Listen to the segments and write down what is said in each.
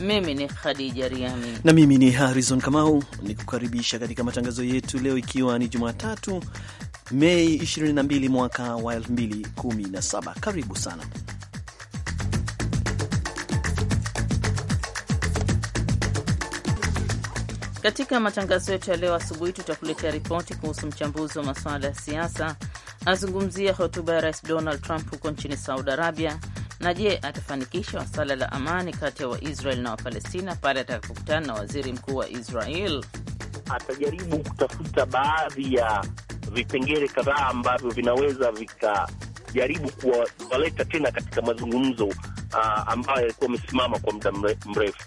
mimi ni Khadija Riami na mimi ni Harrison Kamau, ni kukaribisha katika matangazo yetu leo, ikiwa ni Jumatatu Mei 22 mwaka wa 2017. Karibu sana katika matangazo yetu ya leo asubuhi. Tutakuletea ripoti kuhusu mchambuzi wa masuala ya siasa anazungumzia hotuba ya Rais Donald Trump huko nchini Saudi Arabia na je, atafanikisha swala la amani kati ya Waisrael na Wapalestina pale atakapokutana na waziri mkuu wa Israel? Atajaribu kutafuta baadhi ya vipengele kadhaa ambavyo vinaweza vikajaribu kuwaleta tena katika mazungumzo uh, ambayo yalikuwa amesimama kwa muda mrefu.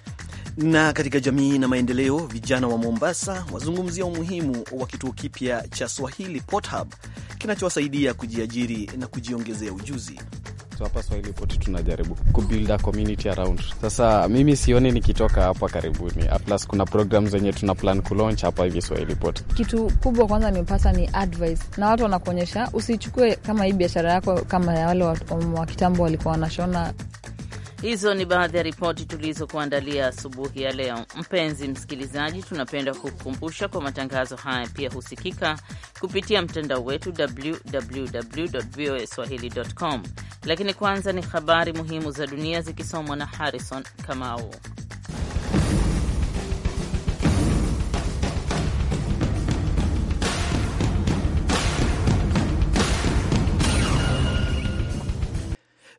Na katika jamii na maendeleo, vijana wa Mombasa wazungumzia umuhimu wa kituo kipya cha Swahili Pot Hub kinachowasaidia kujiajiri na kujiongezea ujuzi. So hapa Swahilipot tunajaribu kubuild a community around. Sasa mimi sioni nikitoka hapa karibuni, plus kuna program zenye tuna plan kulaunch hapa hivi Swahili Pot. Kitu kubwa kwanza nimepata ni advice na watu wanakuonyesha usichukue kama hii biashara yako kama ya wale um, wa kitambo walikuwa wanashona. Hizo ni baadhi ya ripoti tulizokuandalia asubuhi ya leo. Mpenzi msikilizaji, tunapenda kukukumbusha kwa matangazo haya pia husikika kupitia mtandao wetu www voa swahili.com lakini kwanza ni habari muhimu za dunia zikisomwa na Harrison Kamau.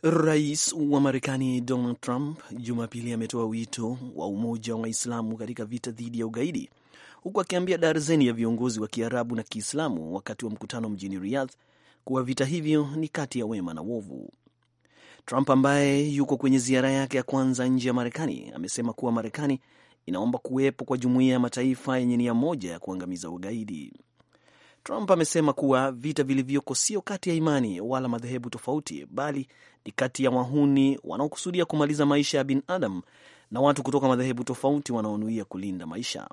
Rais wa Marekani Donald Trump Jumapili ametoa wito wa umoja wa Waislamu katika vita dhidi ya ugaidi huku akiambia darzeni ya viongozi wa Kiarabu na Kiislamu wakati wa mkutano mjini Riyadh kuwa vita hivyo ni kati ya wema na wovu. Trump ambaye yuko kwenye ziara yake ya kwanza nje ya Marekani amesema kuwa Marekani inaomba kuwepo kwa jumuiya ya mataifa yenye nia moja ya kuangamiza ugaidi. Trump amesema kuwa vita vilivyoko sio kati ya imani wala madhehebu tofauti, bali ni kati ya wahuni wanaokusudia kumaliza maisha ya binadamu na watu kutoka madhehebu tofauti wanaonuia kulinda maisha.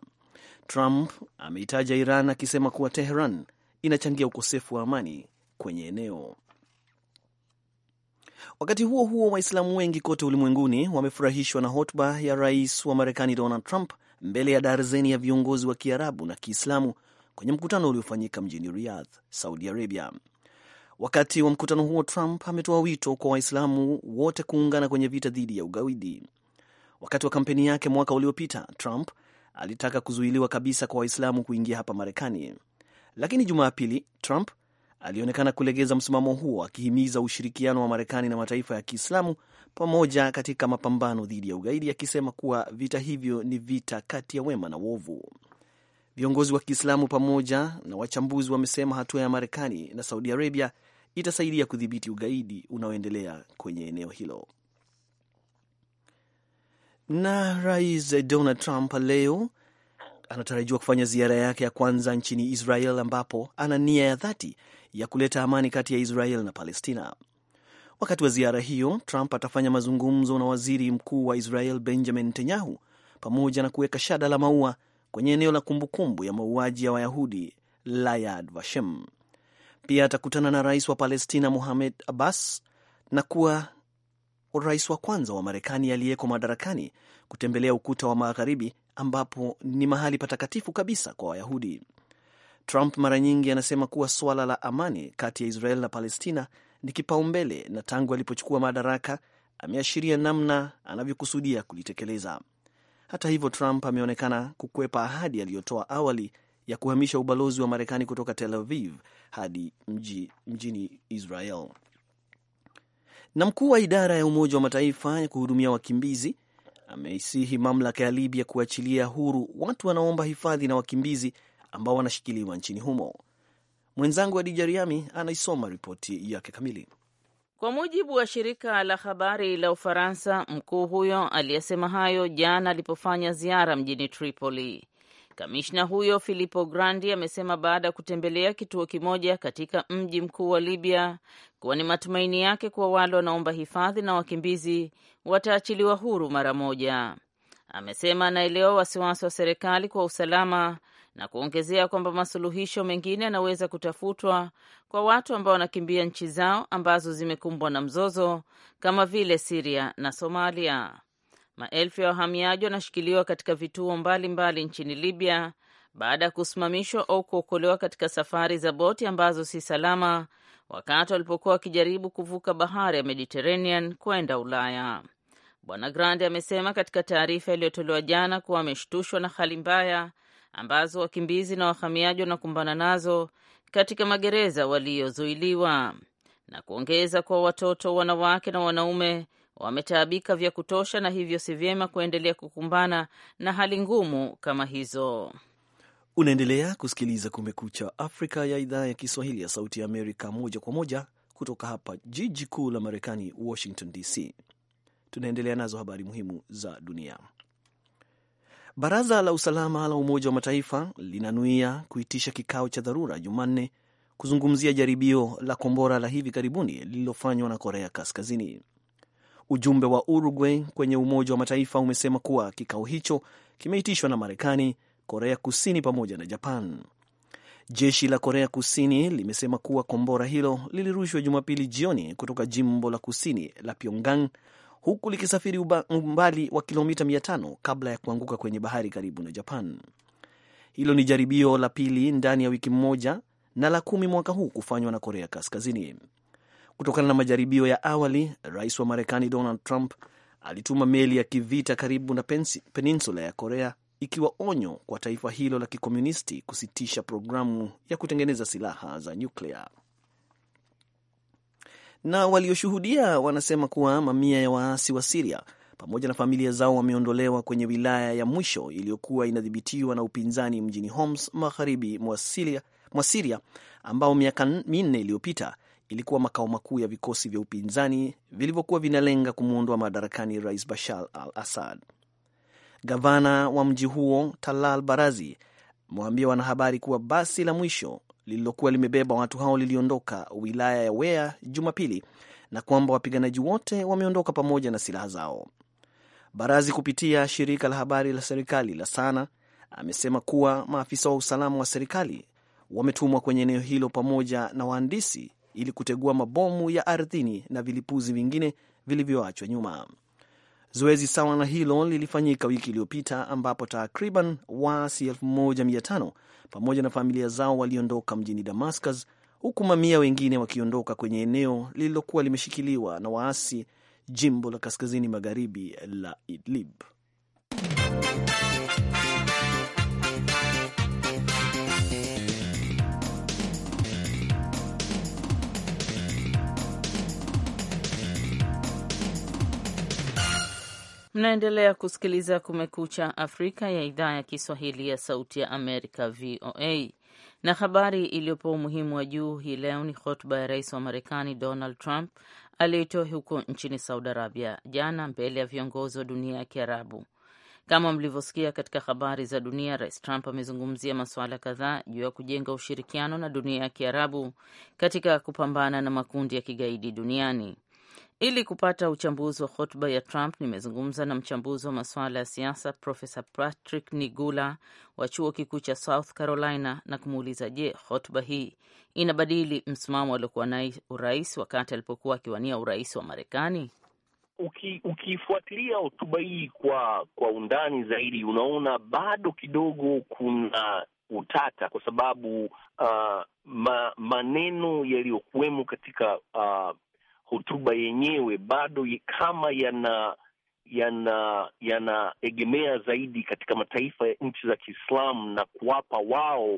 Trump ameitaja Iran akisema kuwa teheran inachangia ukosefu wa amani kwenye eneo. Wakati huo huo, Waislamu wengi kote ulimwenguni wamefurahishwa na hotuba ya rais wa Marekani Donald Trump mbele ya darzeni ya viongozi wa Kiarabu na Kiislamu kwenye mkutano uliofanyika mjini Riyadh, Saudi Arabia. Wakati wa mkutano huo, Trump ametoa wito kwa Waislamu wote kuungana kwenye vita dhidi ya ugaidi. Wakati wa kampeni yake mwaka uliopita, Trump alitaka kuzuiliwa kabisa kwa Waislamu kuingia hapa Marekani, lakini Jumapili Trump alionekana kulegeza msimamo huo, akihimiza ushirikiano wa Marekani na mataifa ya Kiislamu pamoja katika mapambano dhidi ya ugaidi, akisema kuwa vita hivyo ni vita kati ya wema na wovu Viongozi wa Kiislamu pamoja na wachambuzi wamesema hatua ya Marekani na Saudi Arabia itasaidia kudhibiti ugaidi unaoendelea kwenye eneo hilo. Na Rais Donald Trump leo anatarajiwa kufanya ziara yake ya kwanza nchini Israel ambapo ana nia ya dhati ya kuleta amani kati ya Israel na Palestina. Wakati wa ziara hiyo, Trump atafanya mazungumzo na waziri mkuu wa Israel Benjamin Netanyahu pamoja na kuweka shada la maua kwenye eneo la kumbukumbu ya mauaji ya Wayahudi la Yad Vashem. Pia atakutana na rais wa Palestina Mohamed Abbas na kuwa rais wa kwanza wa Marekani aliyeko madarakani kutembelea ukuta wa Magharibi, ambapo ni mahali patakatifu kabisa kwa Wayahudi. Trump mara nyingi anasema kuwa suala la amani kati ya Israel na Palestina ni kipaumbele na tangu alipochukua madaraka ameashiria namna anavyokusudia kulitekeleza. Hata hivyo, Trump ameonekana kukwepa ahadi aliyotoa awali ya kuhamisha ubalozi wa Marekani kutoka Tel Aviv hadi mji, mjini Israel. Na mkuu wa idara ya Umoja wa Mataifa ya kuhudumia wakimbizi ameisihi mamlaka ya Libya kuachilia huru watu wanaomba hifadhi na wakimbizi ambao wanashikiliwa nchini humo. Mwenzangu Adija Riami anaisoma ripoti yake kamili. Kwa mujibu wa shirika la habari la Ufaransa, mkuu huyo aliyesema hayo jana alipofanya ziara mjini Tripoli. Kamishna huyo Filippo Grandi amesema baada ya kutembelea kituo kimoja katika mji mkuu wa Libya kuwa ni matumaini yake kuwa wale wanaomba hifadhi na wakimbizi wataachiliwa huru mara moja. Amesema anaelewa wasiwasi wa serikali kwa usalama na kuongezea kwamba masuluhisho mengine yanaweza kutafutwa kwa watu ambao wanakimbia nchi zao ambazo zimekumbwa na mzozo kama vile Siria na Somalia. Maelfu ya wahamiaji wanashikiliwa katika vituo mbalimbali mbali nchini Libya baada ya kusimamishwa au kuokolewa katika safari za boti ambazo si salama wakati walipokuwa wakijaribu kuvuka bahari ya Mediterranean kwenda Ulaya. Bwana grandi amesema katika taarifa iliyotolewa jana kuwa ameshtushwa na hali mbaya ambazo wakimbizi na wahamiaji wanakumbana nazo katika magereza waliozuiliwa, na kuongeza kuwa watoto, wanawake na wanaume wametaabika vya kutosha, na hivyo si vyema kuendelea kukumbana na hali ngumu kama hizo. Unaendelea kusikiliza Kumekucha Afrika ya idhaa ya Kiswahili ya Sauti ya Amerika, moja kwa moja kutoka hapa jiji kuu la Marekani, Washington DC. Tunaendelea nazo habari muhimu za dunia. Baraza la usalama la Umoja wa Mataifa linanuia kuitisha kikao cha dharura Jumanne kuzungumzia jaribio la kombora la hivi karibuni lililofanywa na Korea Kaskazini. Ujumbe wa Uruguay kwenye Umoja wa Mataifa umesema kuwa kikao hicho kimeitishwa na Marekani, Korea Kusini pamoja na Japan. Jeshi la Korea Kusini limesema kuwa kombora hilo lilirushwa Jumapili jioni kutoka jimbo la kusini la Pyongyang huku likisafiri umbali wa kilomita 500 kabla ya kuanguka kwenye bahari karibu na Japan. Hilo ni jaribio la pili ndani ya wiki moja na la kumi mwaka huu kufanywa na Korea Kaskazini. Kutokana na majaribio ya awali, rais wa Marekani Donald Trump alituma meli ya kivita karibu na peninsula ya Korea ikiwa onyo kwa taifa hilo la kikomunisti kusitisha programu ya kutengeneza silaha za nyuklia na walioshuhudia wanasema kuwa mamia ya waasi wa Siria pamoja na familia zao wameondolewa kwenye wilaya ya mwisho iliyokuwa inadhibitiwa na upinzani mjini Homs, magharibi mwa Siria, ambao miaka minne iliyopita ilikuwa makao makuu ya vikosi vya upinzani vilivyokuwa vinalenga kumwondoa madarakani Rais Bashar al Assad. Gavana wa mji huo Talal Barazi amewaambia wanahabari kuwa basi la mwisho lililokuwa limebeba watu hao liliondoka wilaya ya Wea Jumapili na kwamba wapiganaji wote wameondoka pamoja na silaha zao. Barazi kupitia shirika la habari la serikali la Sana amesema kuwa maafisa wa usalama wa serikali wametumwa kwenye eneo hilo pamoja na wahandisi ili kutegua mabomu ya ardhini na vilipuzi vingine vilivyoachwa nyuma. Zoezi sawa na hilo lilifanyika wiki iliyopita ambapo takriban waasi 1500 pamoja na familia zao waliondoka mjini Damascus, huku mamia wengine wakiondoka kwenye eneo lililokuwa limeshikiliwa na waasi, jimbo la kaskazini magharibi la Idlib. Mnaendelea kusikiliza Kumekucha Afrika ya idhaa ya Kiswahili ya Sauti ya Amerika, VOA. Na habari iliyopo umuhimu wa juu hii leo ni hotuba ya rais wa Marekani Donald Trump aliyoitoa huko nchini Saudi Arabia jana mbele ya viongozi wa dunia ya Kiarabu. Kama mlivyosikia katika habari za dunia, rais Trump amezungumzia masuala kadhaa juu ya kujenga ushirikiano na dunia ya Kiarabu katika kupambana na makundi ya kigaidi duniani. Ili kupata uchambuzi wa hotuba ya Trump, nimezungumza na mchambuzi wa masuala ya siasa Profesa Patrick Nigula wa chuo kikuu cha South Carolina na kumuuliza, je, hotuba hii inabadili msimamo aliokuwa naye urais wakati alipokuwa akiwania urais wa Marekani? Uki, ukifuatilia hotuba hii kwa kwa undani zaidi, unaona bado kidogo kuna utata kwa sababu uh, ma, maneno yaliyokuwemo katika uh, hotuba yenyewe bado kama yana yana yanaegemea zaidi katika mataifa ya nchi za Kiislamu na kuwapa wao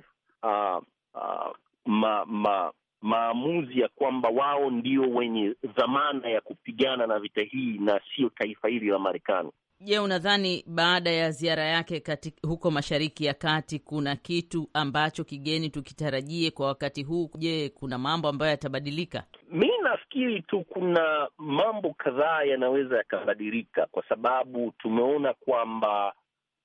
uh, uh, ma, ma, maamuzi ya kwamba wao ndio wenye dhamana ya kupigana na vita hii na sio taifa hili la Marekani. Je, unadhani baada ya ziara yake kati, huko Mashariki ya Kati kuna kitu ambacho kigeni tukitarajie kwa wakati huu? Je, kuna mambo ambayo yatabadilika? Mi nafikiri tu kuna mambo kadhaa yanaweza yakabadilika, kwa sababu tumeona kwamba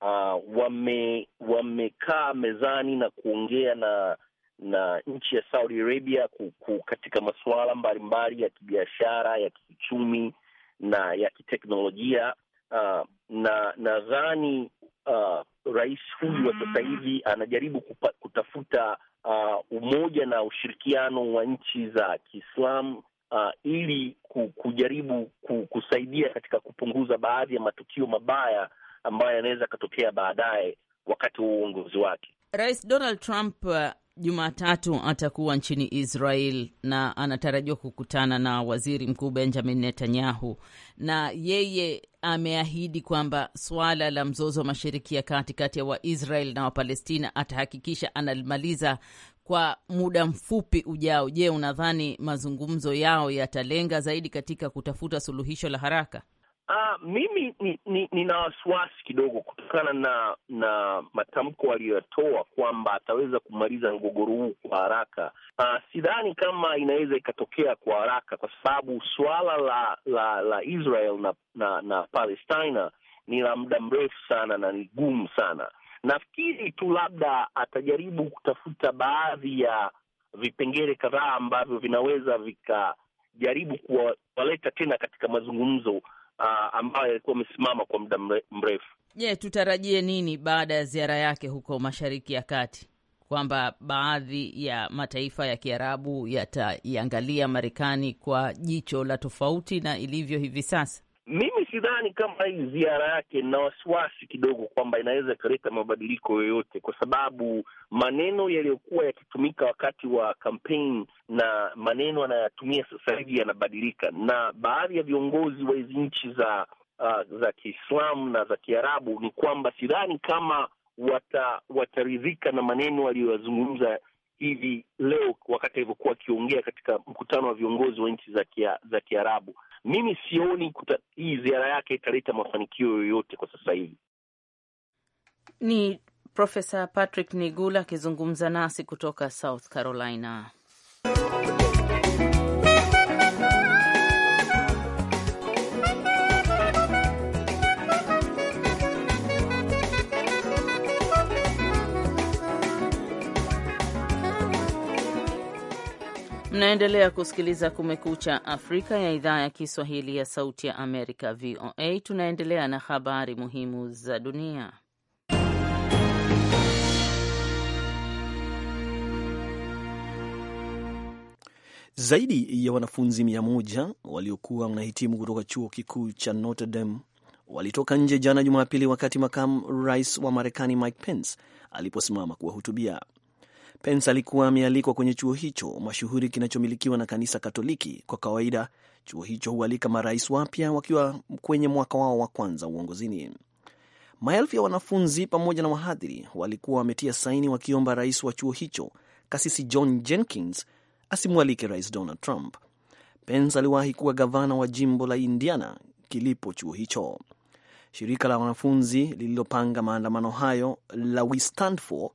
uh, wame wamekaa mezani na kuongea na na nchi ya Saudi Arabia kuku, katika masuala mbalimbali ya kibiashara, ya kiuchumi na ya kiteknolojia Uh, na nadhani uh, rais huyu wa sasa hivi mm. anajaribu kupa, kutafuta uh, umoja na ushirikiano wa nchi za Kiislamu uh, ili kujaribu kusaidia katika kupunguza baadhi ya matukio mabaya ambayo yanaweza yakatokea baadaye wakati wa uongozi wake. Rais Donald Trump uh, Jumatatu atakuwa nchini Israel na anatarajiwa kukutana na waziri mkuu Benjamin Netanyahu, na yeye ameahidi kwamba swala la mzozo wa Mashariki ya Kati kati ya Waisrael na Wapalestina atahakikisha analimaliza kwa muda mfupi ujao. Je, unadhani mazungumzo yao yatalenga zaidi katika kutafuta suluhisho la haraka? Uh, mimi nina ni, ni wasiwasi kidogo kutokana na na matamko aliyoyatoa kwamba ataweza kumaliza mgogoro huu kwa haraka. Uh, sidhani kama inaweza ikatokea kwa haraka, kwa sababu suala la la la Israel na na, na Palestina ni la muda mrefu sana na ni gumu sana. Nafikiri tu labda atajaribu kutafuta baadhi ya vipengele kadhaa ambavyo vinaweza vikajaribu kuwaleta tena katika mazungumzo uh, ambayo alikuwa amesimama kwa muda mrefu. Je, yeah, tutarajie nini baada ya ziara yake huko Mashariki ya Kati, kwamba baadhi ya mataifa ya Kiarabu yataiangalia Marekani kwa jicho la tofauti na ilivyo hivi sasa? Mimi sidhani kama hii ziara yake, na wasiwasi kidogo kwamba inaweza ikaleta mabadiliko yoyote, kwa sababu maneno yaliyokuwa yakitumika wakati wa kampeni na maneno anayatumia sasa hivi yanabadilika, na baadhi ya viongozi wa hizi nchi za uh, za Kiislamu na za Kiarabu ni kwamba sidhani kama wata, wataridhika na maneno aliyoyazungumza hivi leo wakati alivyokuwa akiongea katika mkutano wa viongozi wa nchi za kia, Kiarabu. Mimi sioni kuta, hii ziara yake italeta mafanikio yoyote kwa sasa hivi. Ni Profesa Patrick Nigula akizungumza nasi kutoka South Carolina. Mnaendelea kusikiliza Kumekucha Afrika ya idhaa ya Kiswahili ya Sauti ya Amerika, VOA. Tunaendelea na habari muhimu za dunia. Zaidi ya wanafunzi mia moja waliokuwa wanahitimu kutoka chuo kikuu cha Notre Dame walitoka nje jana Jumapili, wakati makamu rais wa Marekani Mike Pence aliposimama kuwahutubia. Pence alikuwa amealikwa kwenye chuo hicho mashuhuri kinachomilikiwa na kanisa Katoliki. Kwa kawaida, chuo hicho hualika marais wapya wakiwa kwenye mwaka wao wa kwanza uongozini. Maelfu ya wanafunzi pamoja na wahadhiri walikuwa wametia saini wakiomba rais wa chuo hicho Kasisi John Jenkins asimwalike Rais Donald Trump. Pence aliwahi kuwa gavana wa jimbo la Indiana kilipo chuo hicho. Shirika la wanafunzi lililopanga maandamano hayo la We Stand For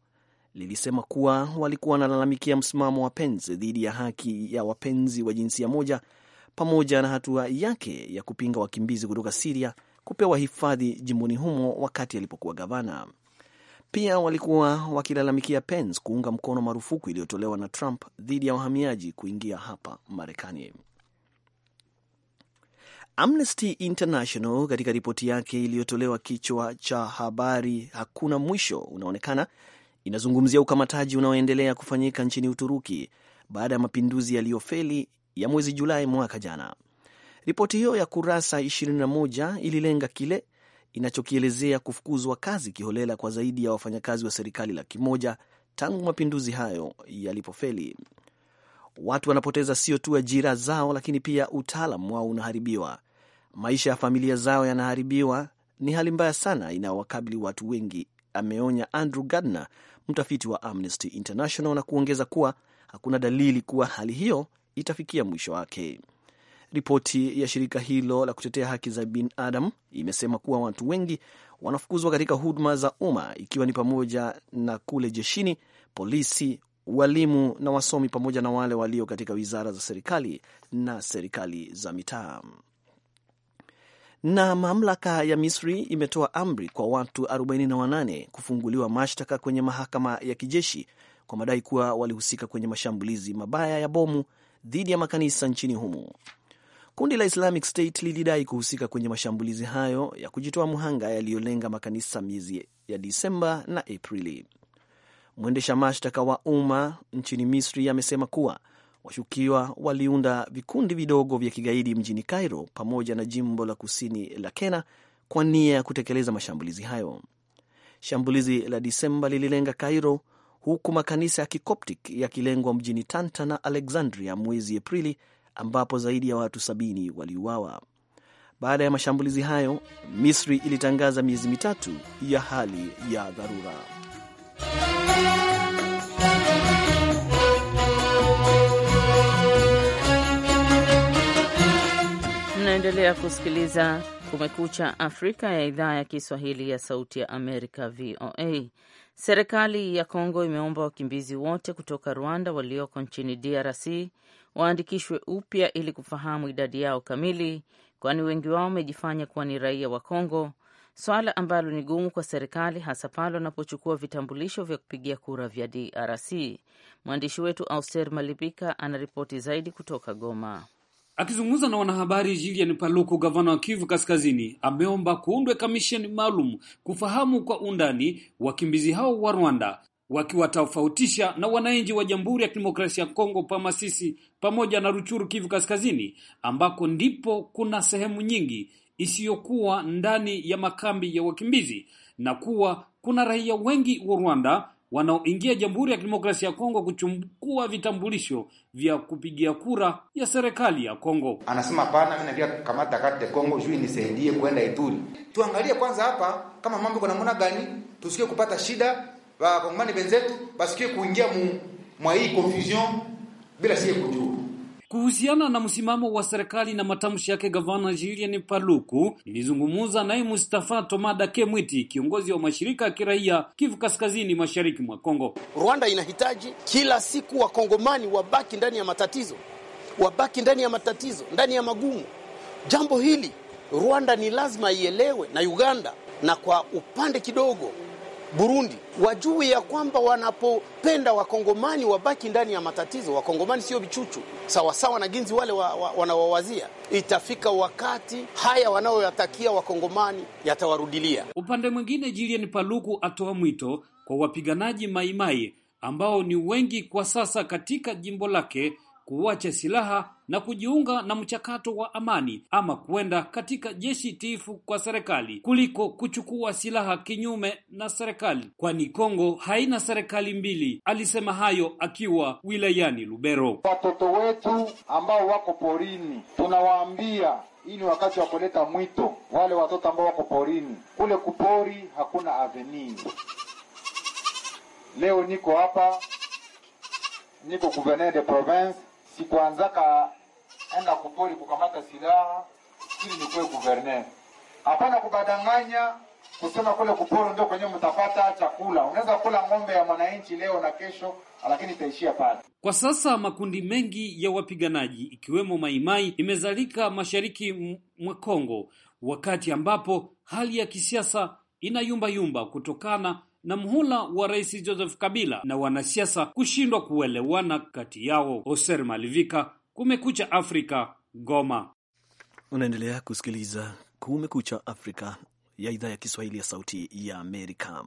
lilisema kuwa walikuwa wanalalamikia msimamo wa Pence dhidi ya haki ya wapenzi wa jinsia moja pamoja na hatua yake ya kupinga wakimbizi kutoka Siria kupewa hifadhi jimboni humo wakati alipokuwa gavana. Pia walikuwa wakilalamikia Pence kuunga mkono marufuku iliyotolewa na Trump dhidi ya wahamiaji kuingia hapa Marekani. Amnesty International katika ripoti yake iliyotolewa, kichwa cha habari hakuna mwisho, unaonekana inazungumzia ukamataji unaoendelea kufanyika nchini Uturuki baada ya mapinduzi yaliyofeli ya mwezi Julai mwaka jana. Ripoti hiyo ya kurasa 21 ililenga kile inachokielezea kufukuzwa kazi kiholela kwa zaidi ya wafanyakazi wa serikali laki moja tangu mapinduzi hayo yalipofeli. Watu wanapoteza sio tu ajira zao, lakini pia utaalam wao unaharibiwa, maisha ya familia zao yanaharibiwa. Ni hali mbaya sana inayowakabili watu wengi, ameonya Andrew Gardner, mtafiti wa Amnesty International na kuongeza kuwa hakuna dalili kuwa hali hiyo itafikia mwisho wake. Ripoti ya shirika hilo la kutetea haki za binadamu imesema kuwa watu wengi wanafukuzwa katika huduma za umma ikiwa ni pamoja na kule jeshini, polisi, walimu na wasomi pamoja na wale walio katika wizara za serikali na serikali za mitaa. Na mamlaka ya Misri imetoa amri kwa watu 48 kufunguliwa mashtaka kwenye mahakama ya kijeshi kwa madai kuwa walihusika kwenye mashambulizi mabaya ya bomu dhidi ya makanisa nchini humo. Kundi la Islamic State lilidai kuhusika kwenye mashambulizi hayo ya kujitoa mhanga yaliyolenga makanisa miezi ya Disemba na Aprili. Mwendesha mashtaka wa umma nchini Misri amesema kuwa Washukiwa waliunda vikundi vidogo vya kigaidi mjini Cairo pamoja na jimbo la kusini la Kena kwa nia ya kutekeleza mashambulizi hayo. Shambulizi la Disemba lililenga Cairo huku makanisa ya Kikoptic yakilengwa mjini Tanta na Alexandria mwezi Aprili, ambapo zaidi ya watu sabini waliuawa. Baada ya mashambulizi hayo, Misri ilitangaza miezi mitatu ya hali ya dharura. Unaendelea kusikiliza Kumekucha Afrika ya idhaa ya Kiswahili ya Sauti ya Amerika, VOA. Serikali ya Kongo imeomba wakimbizi wote kutoka Rwanda walioko nchini DRC waandikishwe upya ili kufahamu idadi yao kamili, kwani wengi wao wamejifanya kuwa ni raia wa Kongo, swala ambalo ni gumu kwa serikali, hasa pale wanapochukua vitambulisho vya kupigia kura vya DRC. Mwandishi wetu Auster malibika anaripoti zaidi kutoka Goma. Akizungumza na wanahabari, julian Paluku, gavana wa Kivu Kaskazini, ameomba kuundwe kamisheni maalum kufahamu kwa undani wakimbizi hao wa Rwanda, wakiwatofautisha na wananchi wa Jamhuri ya Kidemokrasia ya Kongo pa Masisi pamoja na Ruchuru, Kivu Kaskazini, ambako ndipo kuna sehemu nyingi isiyokuwa ndani ya makambi ya wakimbizi na kuwa kuna raia wengi wa Rwanda wanaoingia Jamhuri ya Kidemokrasia ya Kongo kuchukua vitambulisho vya kupigia kura ya serikali ya Kongo. Anasema hapana, mimi nakia kamata kati ya Kongo juu nisaidie kwenda Ituri. Tuangalie kwanza hapa kama mambo kuna namna gani, tusikie kupata shida wakongomani wenzetu basikie kuingia mu mwa hii confusion bila siye kujua Kuhusiana na msimamo wa serikali na matamshi yake, gavana Julien Paluku nilizungumza naye Mustafa Tomada Kemwiti, kiongozi wa mashirika ya kiraia Kivu Kaskazini, mashariki mwa Kongo. Rwanda inahitaji kila siku wakongomani wabaki ndani ya matatizo, wabaki ndani ya matatizo, ndani ya magumu. Jambo hili Rwanda ni lazima ielewe na Uganda, na kwa upande kidogo Burundi wajue ya kwamba wanapopenda wakongomani wabaki ndani ya matatizo. Wakongomani sio vichuchu sawasawa na ginzi wale wa, wa, wanawawazia. Itafika wakati haya wanayoyatakia wakongomani yatawarudilia. Upande mwingine, Julian Paluku atoa mwito kwa wapiganaji maimai ambao ni wengi kwa sasa katika jimbo lake kuacha silaha na kujiunga na mchakato wa amani ama kwenda katika jeshi tiifu kwa serikali kuliko kuchukua silaha kinyume na serikali, kwani Kongo haina serikali mbili. Alisema hayo akiwa wilayani Lubero. Watoto wetu ambao wako porini, tunawaambia hii ni wakati wa kuleta mwito. Wale watoto ambao wako porini kule, kupori hakuna avenir. Leo niko hapa, niko gouverneur de province sikuanzaka enda kupori kukamata silaha ili nikuwe guverner. Hapana kubadanganya kusema kule kuporo ndio kwenye mtapata chakula. Unaweza kula ng'ombe ya mwananchi leo na kesho, lakini itaishia pale. Kwa sasa makundi mengi ya wapiganaji ikiwemo Maimai imezalika mashariki mwa Kongo, wakati ambapo hali ya kisiasa inayumbayumba kutokana na mhula wa Rais Joseph Kabila na wanasiasa kushindwa kuelewana kati yao. Oser Malivika, Kumekucha Afrika, Goma. Unaendelea kusikiliza Kumekucha Afrika ya idhaa ya Kiswahili ya Sauti ya Amerika.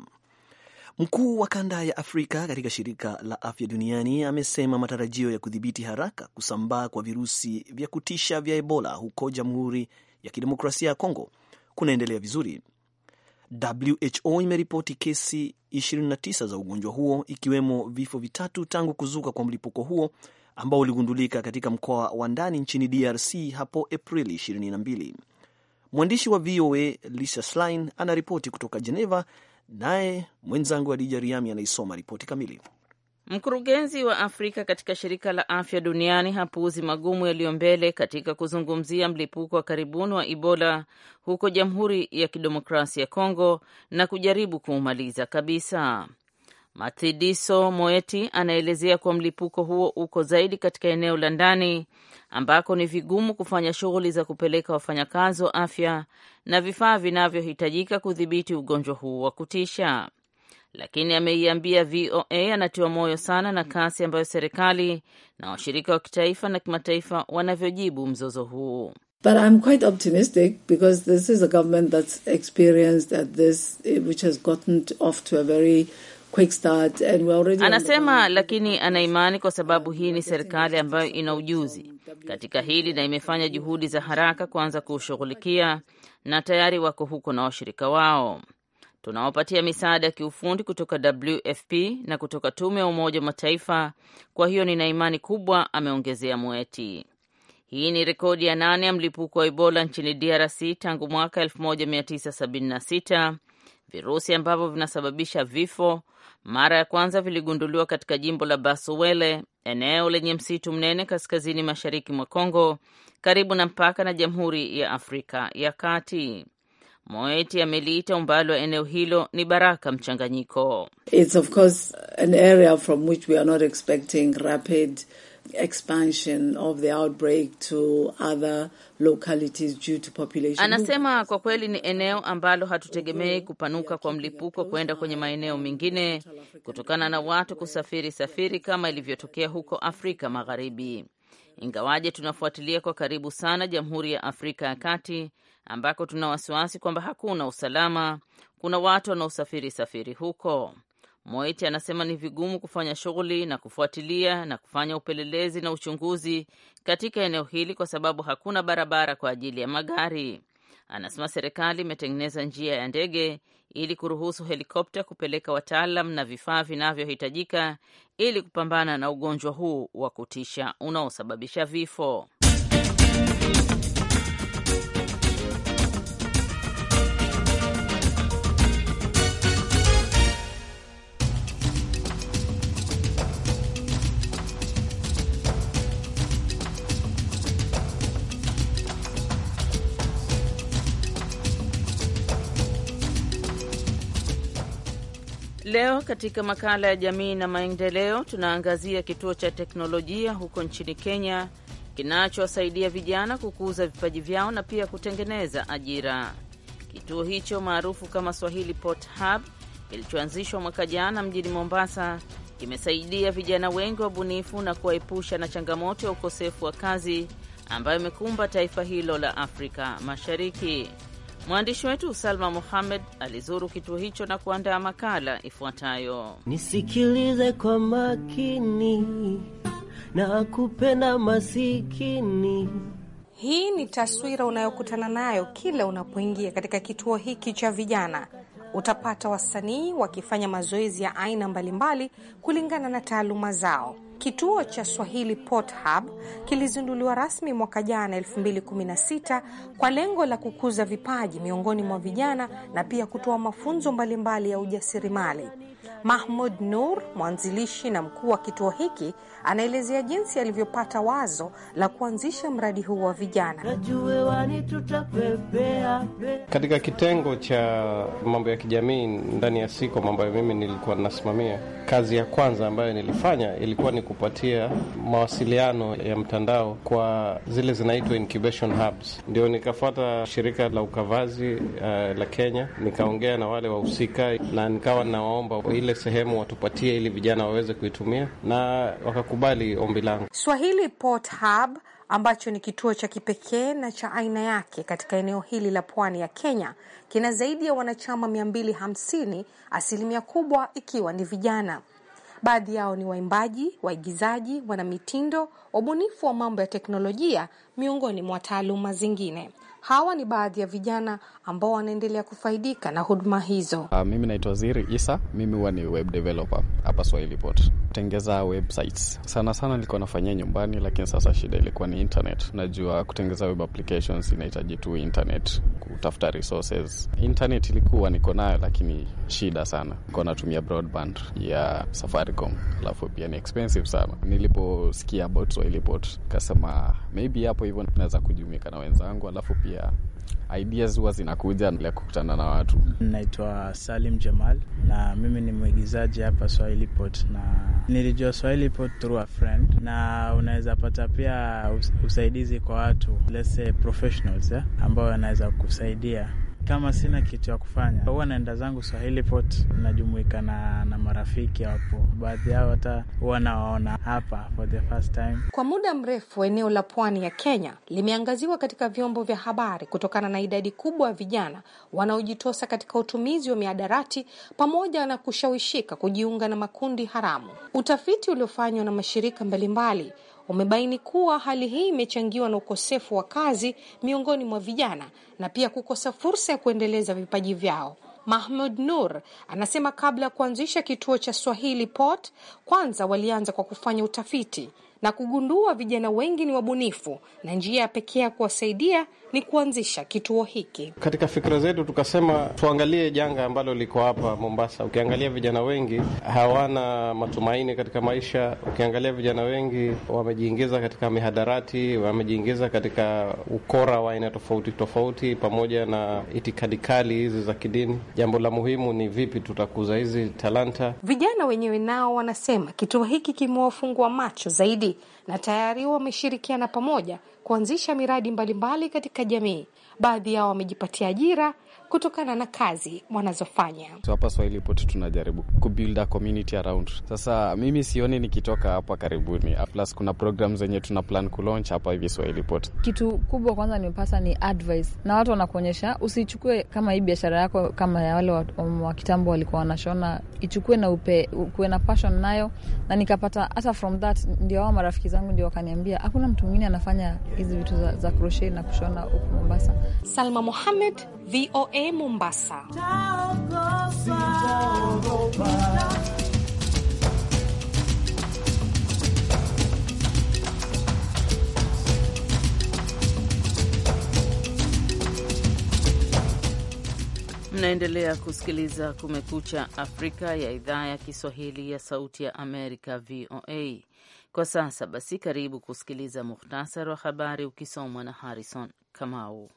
Mkuu wa kanda ya Afrika katika shirika la afya duniani amesema matarajio ya kudhibiti haraka kusambaa kwa virusi vya kutisha vya Ebola huko Jamhuri ya Kidemokrasia ya Kongo kunaendelea vizuri WHO imeripoti kesi 29 za ugonjwa huo ikiwemo vifo vitatu tangu kuzuka kwa mlipuko huo ambao uligundulika katika mkoa wa ndani nchini DRC hapo Aprili 22. Mwandishi wa VOA Lisa Schlein anaripoti kutoka Geneva, naye mwenzangu Adija Riami anaisoma ripoti kamili. Mkurugenzi wa Afrika katika shirika la afya duniani hapuuzi magumu yaliyo mbele katika kuzungumzia mlipuko wa karibuni wa Ebola huko Jamhuri ya Kidemokrasia ya Kongo na kujaribu kuumaliza kabisa. Mathidiso Moeti anaelezea kuwa mlipuko huo uko zaidi katika eneo la ndani ambako ni vigumu kufanya shughuli za kupeleka wafanyakazi wa afya na vifaa vinavyohitajika kudhibiti ugonjwa huu wa kutisha lakini ameiambia VOA anatiwa moyo sana na kasi ambayo serikali na washirika wa kitaifa na kimataifa wanavyojibu mzozo huu. But I'm quite optimistic because this is a government that's experienced at this, eh, which has gotten off to a very quick start and we're already. Anasema lakini ana imani kwa sababu hii ni serikali ambayo ina ujuzi katika hili na imefanya juhudi za haraka kuanza kuushughulikia na tayari wako huko na washirika wao tunawapatia misaada ya kiufundi kutoka WFP na kutoka tume ya Umoja wa Mataifa, kwa hiyo nina imani kubwa, ameongezea mweti Hii ni rekodi ya nane ya mlipuko wa Ebola nchini DRC tangu mwaka 1976. Virusi ambavyo vinasababisha vifo mara ya kwanza viligunduliwa katika jimbo la Basuwele, eneo lenye msitu mnene kaskazini mashariki mwa congo karibu na mpaka na Jamhuri ya Afrika ya Kati. Moeti ameliita umbali wa eneo hilo ni baraka mchanganyiko. It's of course an area from which we are not expecting rapid expansion of the outbreak to other localities due to population. Anasema kwa kweli ni eneo ambalo hatutegemei kupanuka kwa mlipuko kwenda kwenye maeneo mengine kutokana na watu kusafiri safiri kama ilivyotokea huko Afrika Magharibi. Ingawaje tunafuatilia kwa karibu sana Jamhuri ya Afrika ya Kati ambako tuna wasiwasi kwamba hakuna usalama. Kuna watu wanaosafiri safiri huko. Moiti anasema ni vigumu kufanya shughuli na kufuatilia na kufanya upelelezi na uchunguzi katika eneo hili kwa sababu hakuna barabara kwa ajili ya magari. Anasema serikali imetengeneza njia ya ndege ili kuruhusu helikopta kupeleka wataalam na vifaa vinavyohitajika ili kupambana na ugonjwa huu wa kutisha unaosababisha vifo. Leo katika makala ya jamii na maendeleo tunaangazia kituo cha teknolojia huko nchini Kenya kinachowasaidia vijana kukuza vipaji vyao na pia kutengeneza ajira. Kituo hicho maarufu kama Swahili Pot Hub kilichoanzishwa mwaka jana mjini Mombasa kimesaidia vijana wengi wabunifu na kuwaepusha na changamoto ya ukosefu wa kazi ambayo imekumba taifa hilo la Afrika Mashariki. Mwandishi wetu Salma muhamed alizuru kituo hicho na kuandaa makala ifuatayo. Nisikilize kwa makini na kupenda masikini. Hii ni taswira unayokutana nayo kila unapoingia katika kituo hiki cha vijana. Utapata wasanii wakifanya mazoezi ya aina mbalimbali kulingana na taaluma zao. Kituo cha Swahili Port Hub kilizinduliwa rasmi mwaka jana 2016 kwa lengo la kukuza vipaji miongoni mwa vijana na pia kutoa mafunzo mbalimbali ya ujasiriamali. Mahmud Nur, mwanzilishi na mkuu wa kituo hiki, anaelezea jinsi alivyopata wazo la kuanzisha mradi huu wa vijana. Katika kitengo cha mambo ya kijamii ndani ya siko ambayo mimi nilikuwa ninasimamia, kazi ya kwanza ambayo nilifanya ilikuwa ni kupatia mawasiliano ya mtandao kwa zile zinaitwa incubation hubs. Ndio nikafuata shirika la ukavazi uh, la Kenya, nikaongea na wale wahusika na nikawa nawaomba ile sehemu watupatie ili vijana waweze kuitumia na kukubali ombi langu. Swahili Port Hub ambacho ni kituo cha kipekee na cha aina yake katika eneo hili la pwani ya Kenya kina zaidi ya wanachama 250, asilimia kubwa ikiwa ni vijana. Baadhi yao ni waimbaji, waigizaji, wanamitindo, wabunifu wa mambo ya teknolojia, miongoni mwa taaluma zingine. Hawa ni baadhi ya vijana ambao wanaendelea kufaidika na huduma hizo. Uh, mimi naitwa Ziri Isa, mimi huwa ni web developer hapa Swahili Pot, kutengeza websites sana sana nilikuwa nafanyia nyumbani, lakini sasa shida ilikuwa ni internet. Najua kutengeza web applications inahitaji tu internet, kutafuta resources. Internet ilikuwa niko nayo, lakini shida sana, nilikuwa natumia broadband ya Safaricom, alafu pia ni expensive sana. Niliposikia about Swahili Pot kasema maybe hapo hivyo naweza kujumika na wenzangu, alafu pia pia ideas huwa zinakuja bila kukutana na watu. Naitwa Salim Jamal na mimi ni mwigizaji hapa Swahili Pot, na nilijua Swahili Pot through a friend, na unaweza pata pia usaidizi kwa watu let's say professionals, eh, ambao wanaweza kusaidia kama sina kitu ya kufanya, huwa naenda zangu Swahili Port, najumuika na, na marafiki hapo. Baadhi yao hata huwa nawaona hapa for the first time. Kwa muda mrefu, eneo la pwani ya Kenya limeangaziwa katika vyombo vya habari kutokana na idadi kubwa ya vijana wanaojitosa katika utumizi wa miadarati pamoja na kushawishika kujiunga na makundi haramu. Utafiti uliofanywa na mashirika mbalimbali mbali, umebaini kuwa hali hii imechangiwa na ukosefu wa kazi miongoni mwa vijana na pia kukosa fursa ya kuendeleza vipaji vyao. Mahmud Nur anasema kabla ya kuanzisha kituo cha Swahili Pot, kwanza walianza kwa kufanya utafiti na kugundua vijana wengi ni wabunifu na njia ya pekee ya kuwasaidia ni kuanzisha kituo hiki. Katika fikira zetu tukasema tuangalie janga ambalo liko hapa Mombasa. Ukiangalia vijana wengi hawana matumaini katika maisha. Ukiangalia vijana wengi wamejiingiza katika mihadarati, wamejiingiza katika ukora wa aina tofauti tofauti, pamoja na itikadi kali hizi za kidini. Jambo la muhimu ni vipi tutakuza hizi talanta. Vijana wenyewe nao wanasema kituo hiki kimewafungua macho zaidi na tayari wameshirikiana pamoja kuanzisha miradi mbalimbali mbali katika jamii. Baadhi yao wamejipatia ajira kutokana na kazi wanazofanya. So, hapa Swahili pote tunajaribu kubuild a community around. Sasa mimi sioni nikitoka hapa karibuni, plus kuna program zenye tuna plan kulaunch hapa hivi Swahili pote. Kitu kubwa kwanza nimepata ni advice na watu wanakuonyesha usichukue kama hii biashara yako kama ya wale wa kitambo walikuwa wanashona, ichukue na upe kuwe na passion nayo, na nikapata hata from that, ndio wao marafiki zangu ndio wakaniambia hakuna mtu mwingine anafanya hizi vitu za, za crochet na kushona huku Mombasa. Salma Mohamed, VOA VOA Mombasa. Mnaendelea kusikiliza Kumekucha Afrika ya idhaa ya Kiswahili ya Sauti ya Amerika, VOA. Kwa sasa basi, karibu kusikiliza muhtasari wa habari ukisomwa na Harrison Kamau.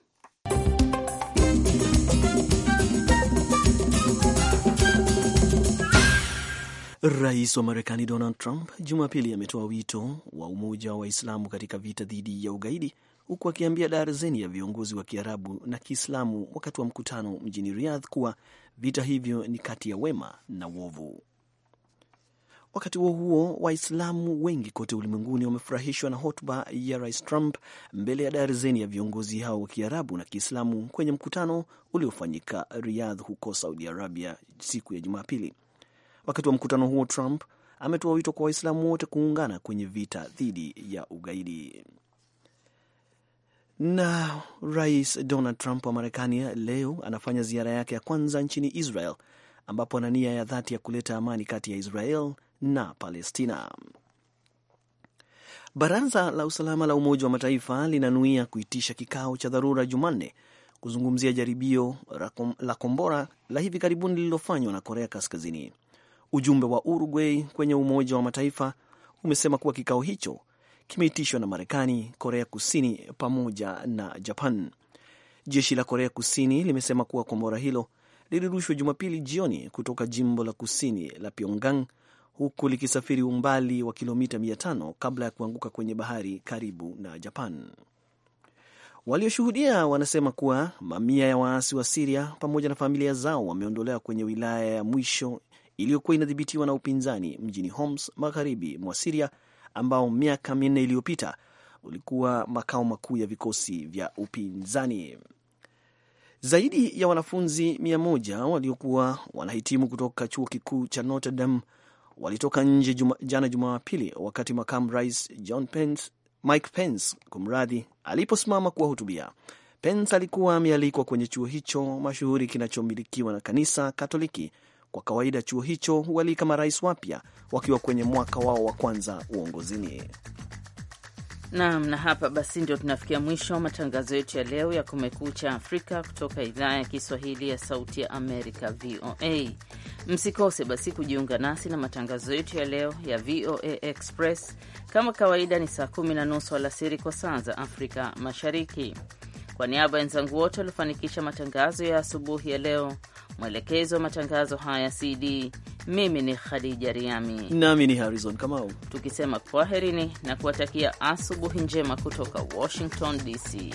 Rais wa Marekani Donald Trump Jumapili ametoa wito wa umoja wa waislamu katika vita dhidi ya ugaidi huku akiambia darzeni ya viongozi wa Kiarabu na Kiislamu wakati wa mkutano mjini Riyadh kuwa vita hivyo ni kati ya wema na uovu. Wakati huo huo, Waislamu wengi kote ulimwenguni wamefurahishwa na hotuba ya Rais Trump mbele ya darzeni ya viongozi hao wa Kiarabu na Kiislamu kwenye mkutano uliofanyika Riyadh huko Saudi Arabia siku ya Jumapili. Wakati wa mkutano huo, Trump ametoa wito kwa Waislamu wote kuungana kwenye vita dhidi ya ugaidi. Na Rais Donald Trump wa Marekani leo anafanya ziara yake ya kwanza nchini Israel, ambapo ana nia ya dhati ya kuleta amani kati ya Israel na Palestina. Baraza la usalama la Umoja wa Mataifa linanuia kuitisha kikao cha dharura Jumanne kuzungumzia jaribio la kombora la hivi karibuni lililofanywa na Korea Kaskazini. Ujumbe wa Uruguay kwenye Umoja wa Mataifa umesema kuwa kikao hicho kimeitishwa na Marekani, Korea Kusini pamoja na Japan. Jeshi la Korea Kusini limesema kuwa kombora hilo lilirushwa Jumapili jioni kutoka jimbo la kusini la Pyongyang huku likisafiri umbali wa kilomita 500 kabla ya kuanguka kwenye bahari karibu na Japan. Walioshuhudia wanasema kuwa mamia ya waasi wa Siria pamoja na familia zao wameondolewa kwenye wilaya ya mwisho iliyokuwa inadhibitiwa na upinzani mjini Homs magharibi mwa Siria ambao miaka minne iliyopita ulikuwa makao makuu ya vikosi vya upinzani. Zaidi ya wanafunzi mia moja waliokuwa wanahitimu kutoka chuo kikuu cha Notre Dame walitoka nje juma, jana Jumapili wakati makamu rais John Pence, Mike Pence kumradhi, aliposimama kuwahutubia. Pence alikuwa amealikwa kwenye chuo hicho mashuhuri kinachomilikiwa na kanisa Katoliki kwa kawaida chuo hicho hualika marais wapya wakiwa kwenye mwaka wao wa kwanza uongozini. Naam, na hapa basi ndio tunafikia mwisho matangazo yetu ya leo ya Kumekucha Afrika kutoka idhaa ya Kiswahili ya Sauti ya Amerika, VOA. Msikose basi kujiunga nasi na matangazo yetu ya leo ya VOA Express. Kama kawaida, ni saa kumi na nusu alasiri kwa saa za Afrika Mashariki. Kwa niaba ya wenzangu wote waliofanikisha matangazo ya asubuhi ya leo Mwelekezi wa matangazo haya CD, mimi ni Khadija Riami nami ni Harrison Kamau, tukisema kwaherini na kuwatakia asubuhi njema kutoka Washington DC.